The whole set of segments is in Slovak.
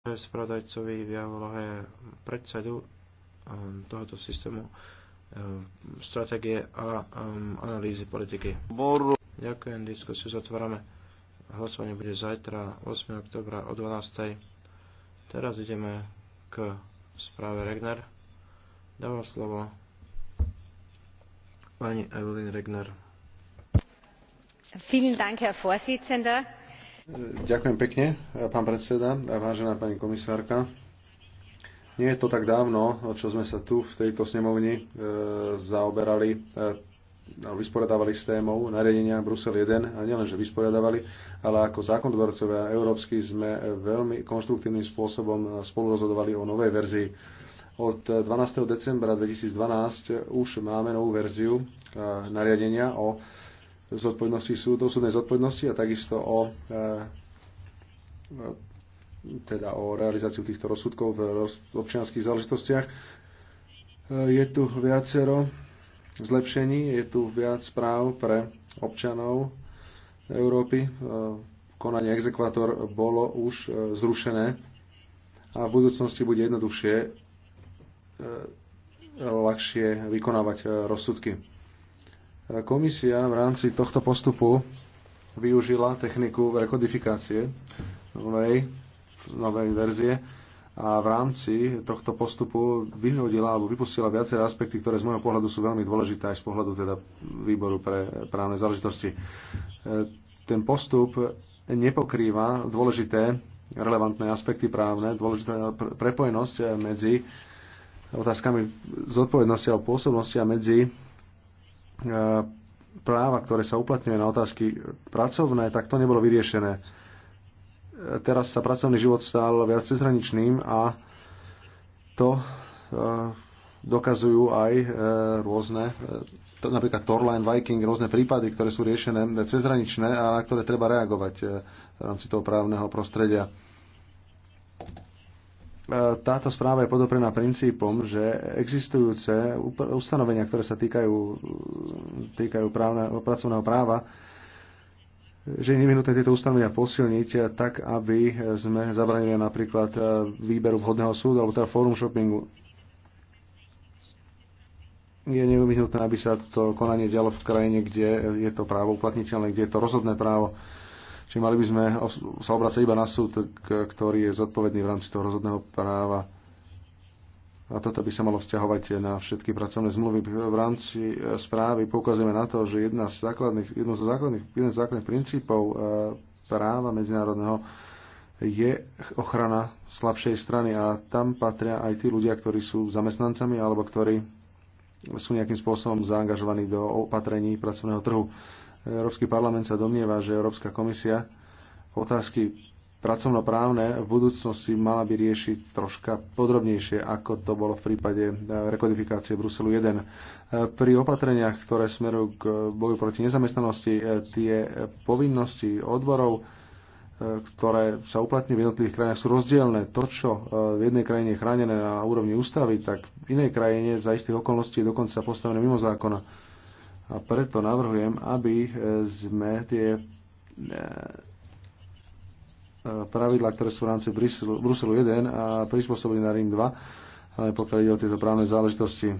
spravodajcovi v úlohe predsedu um, tohoto systému um, stratégie a um, analýzy politiky. Boru. Ďakujem, diskusiu zatvárame. Hlasovanie bude zajtra 8. oktobra o 12. Teraz ideme k správe Regner. Dávam slovo pani Evelyn Regner. Vielen Dank, Herr Vorsitzender. Ďakujem pekne, pán predseda a vážená pani komisárka. Nie je to tak dávno, čo sme sa tu v tejto snemovni e, zaoberali e, vysporiadávali s témou nariadenia Brusel 1 a nielenže vysporiadávali, ale ako a európsky sme veľmi konštruktívnym spôsobom spolurozhodovali o novej verzii. Od 12. decembra 2012 už máme novú verziu e, nariadenia o zodpovednosti súdov, súdnej zodpovednosti a takisto o, e, e, teda o realizáciu týchto rozsudkov v občianských záležitostiach. E, je tu viacero zlepšení, je tu viac práv pre občanov Európy. Konanie exekvátor bolo už zrušené a v budúcnosti bude jednoduchšie ľahšie vykonávať rozsudky. Komisia v rámci tohto postupu využila techniku rekodifikácie novej, novej verzie a v rámci tohto postupu vyhodila alebo vypustila viaceré aspekty, ktoré z môjho pohľadu sú veľmi dôležité aj z pohľadu teda výboru pre právne záležitosti. E, ten postup nepokrýva dôležité relevantné aspekty právne, dôležitá prepojenosť medzi otázkami zodpovednosti a pôsobnosti a medzi E, práva, ktoré sa uplatňuje na otázky pracovné, tak to nebolo vyriešené. E, teraz sa pracovný život stal viac cezhraničným a to e, dokazujú aj rôzne, napríklad Torline Viking, rôzne prípady, ktoré sú riešené cezhraničné a na ktoré treba reagovať v rámci toho právneho prostredia. E, táto správa je podoprená princípom, že existujúce ustanovenia, ktoré sa týkajú, týkajú právne, pracovného práva, že je nevyhnutné tieto ustanovenia posilniť tak, aby sme zabranili napríklad e, výberu vhodného súdu alebo teda fórum shoppingu. Je nevyhnutné, aby sa to konanie dialo v krajine, kde je to právo uplatniteľné, kde je to rozhodné právo či mali by sme sa obracať iba na súd, ktorý je zodpovedný v rámci toho rozhodného práva. A toto by sa malo vzťahovať na všetky pracovné zmluvy. V rámci e, správy poukazujeme na to, že jedna z základných, jedno z základných, jeden z základných princípov e, práva medzinárodného je ochrana slabšej strany a tam patria aj tí ľudia, ktorí sú zamestnancami alebo ktorí sú nejakým spôsobom zaangažovaní do opatrení pracovného trhu. Európsky parlament sa domnieva, že Európska komisia otázky pracovnoprávne v budúcnosti mala by riešiť troška podrobnejšie, ako to bolo v prípade e, rekodifikácie Bruselu 1. E, pri opatreniach, ktoré smerujú k boju proti nezamestnanosti, e, tie povinnosti odborov, ktoré sa uplatňujú v jednotlivých krajinách, sú rozdielne. To, čo v jednej krajine je chránené na úrovni ústavy, tak v inej krajine za istých okolností je dokonca postavené mimo zákona a preto navrhujem, aby e, sme tie e, e, pravidlá, ktoré sú v rámci Bruselu, Bruselu 1 a prispôsobili na Rím 2, ale pokiaľ ide o tieto právne záležitosti.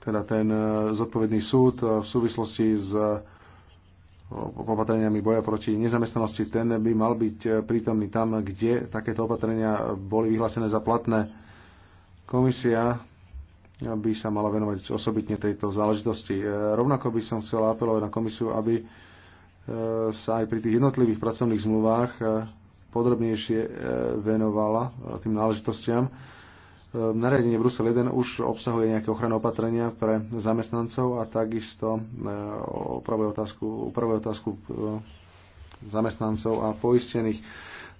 Teda ten zodpovedný súd v súvislosti s opatreniami boja proti nezamestnanosti, ten by mal byť prítomný tam, kde takéto opatrenia boli vyhlásené za platné. Komisia by sa mala venovať osobitne tejto záležitosti. E, rovnako by som chcel apelovať na komisiu, aby e, sa aj pri tých jednotlivých pracovných zmluvách e, podrobnejšie venovala tým náležitostiam. Nariadenie Brusel 1 už obsahuje nejaké ochranné opatrenia pre zamestnancov a takisto upravuje otázku, upravuje otázku zamestnancov a poistených.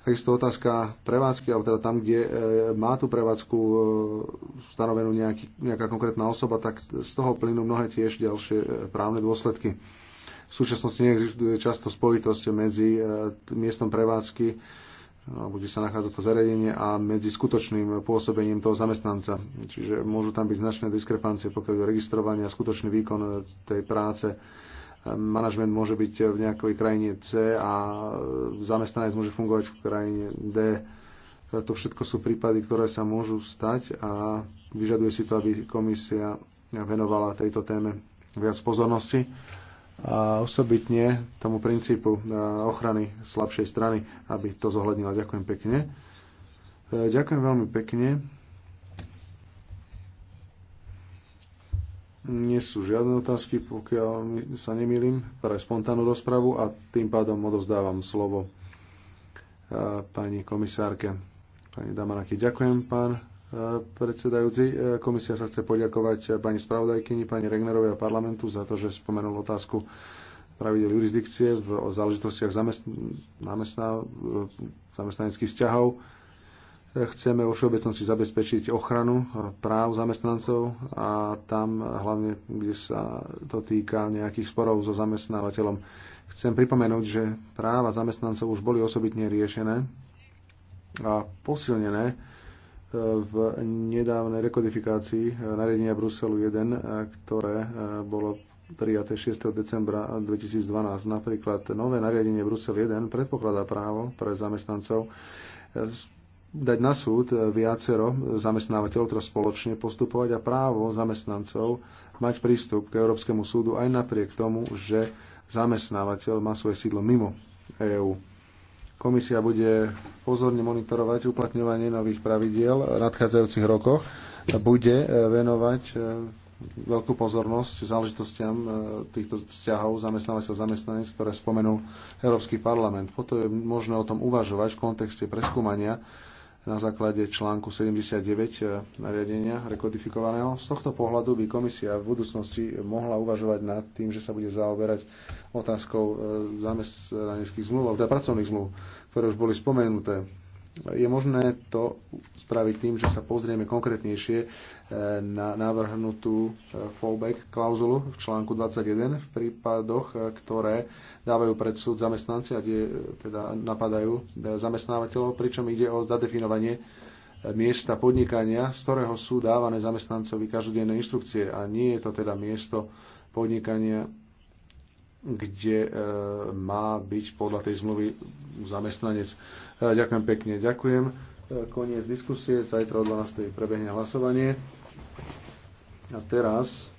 Takisto otázka prevádzky, alebo teda tam, kde e, má tú prevádzku e, stanovenú nejaký, nejaká konkrétna osoba, tak z toho plynú mnohé tiež ďalšie e, právne dôsledky. V súčasnosti neexistuje často spojitosť medzi miestom prevádzky, kde no, sa nachádza to zariadenie a medzi skutočným pôsobením toho zamestnanca. Čiže môžu tam byť značné diskrepancie, pokiaľ je registrovanie a skutočný výkon tej práce manažment môže byť v nejakej krajine C a zamestnanec môže fungovať v krajine D. To všetko sú prípady, ktoré sa môžu stať a vyžaduje si to, aby komisia venovala tejto téme viac pozornosti a osobitne tomu princípu e, ochrany slabšej strany, aby to zohľadnila. Ďakujem pekne. E, ďakujem veľmi pekne. Nie sú žiadne otázky, pokiaľ sa nemýlim, pre spontánnu rozpravu a tým pádom odovzdávam slovo e, pani komisárke. Pani Damanaky, ďakujem, pán e, predsedajúci. E, komisia sa chce poďakovať pani spravodajkyni, pani Regnerovej a parlamentu za to, že spomenul otázku pravidel jurisdikcie v, o záležitostiach zamestn- zamestnaneckých vzťahov Chceme vo všeobecnosti zabezpečiť ochranu práv zamestnancov a tam hlavne, kde sa to týka nejakých sporov so zamestnávateľom. Chcem pripomenúť, že práva zamestnancov už boli osobitne riešené a posilnené e, v nedávnej rekodifikácii e, nariadenia Bruselu 1, e, ktoré bolo prijaté 6. decembra 2012. Napríklad nové nariadenie Brusel 1 predpokladá právo pre zamestnancov dať na súd e, viacero e, zamestnávateľov, teraz spoločne postupovať a právo zamestnancov mať prístup k Európskemu súdu aj napriek tomu, že zamestnávateľ má svoje sídlo mimo EÚ. Komisia bude pozorne monitorovať uplatňovanie nových pravidiel v nadchádzajúcich rokoch. a Bude e, venovať veľkú pozornosť záležitostiam týchto vzťahov zamestnávateľ-zamestnanec, ktoré spomenul Európsky parlament. Potom je možné o tom uvažovať v kontexte preskúmania na základe článku 79 e, nariadenia rekodifikovaného. Z tohto pohľadu by komisia v budúcnosti mohla uvažovať nad tým, že sa bude zaoberať otázkou e, zamestnaneckých zmluv, teda pracovných zmluv, ktoré už boli spomenuté je možné to spraviť tým, že sa pozrieme konkrétnejšie e, na navrhnutú e, fallback klauzulu v článku 21 v prípadoch, e, ktoré dávajú pred súd zamestnanci a kde teda napadajú zamestnávateľov, pričom ide o zadefinovanie miesta podnikania, z ktorého sú dávané zamestnancovi každodenné inštrukcie a nie je to teda miesto podnikania kde e, má byť podľa tej zmluvy zamestnanec. E, ďakujem pekne, ďakujem. E, koniec diskusie, zajtra o 12. prebehne hlasovanie. A teraz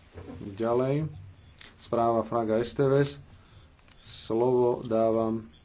ďalej. Správa Fraga STVS. Slovo dávam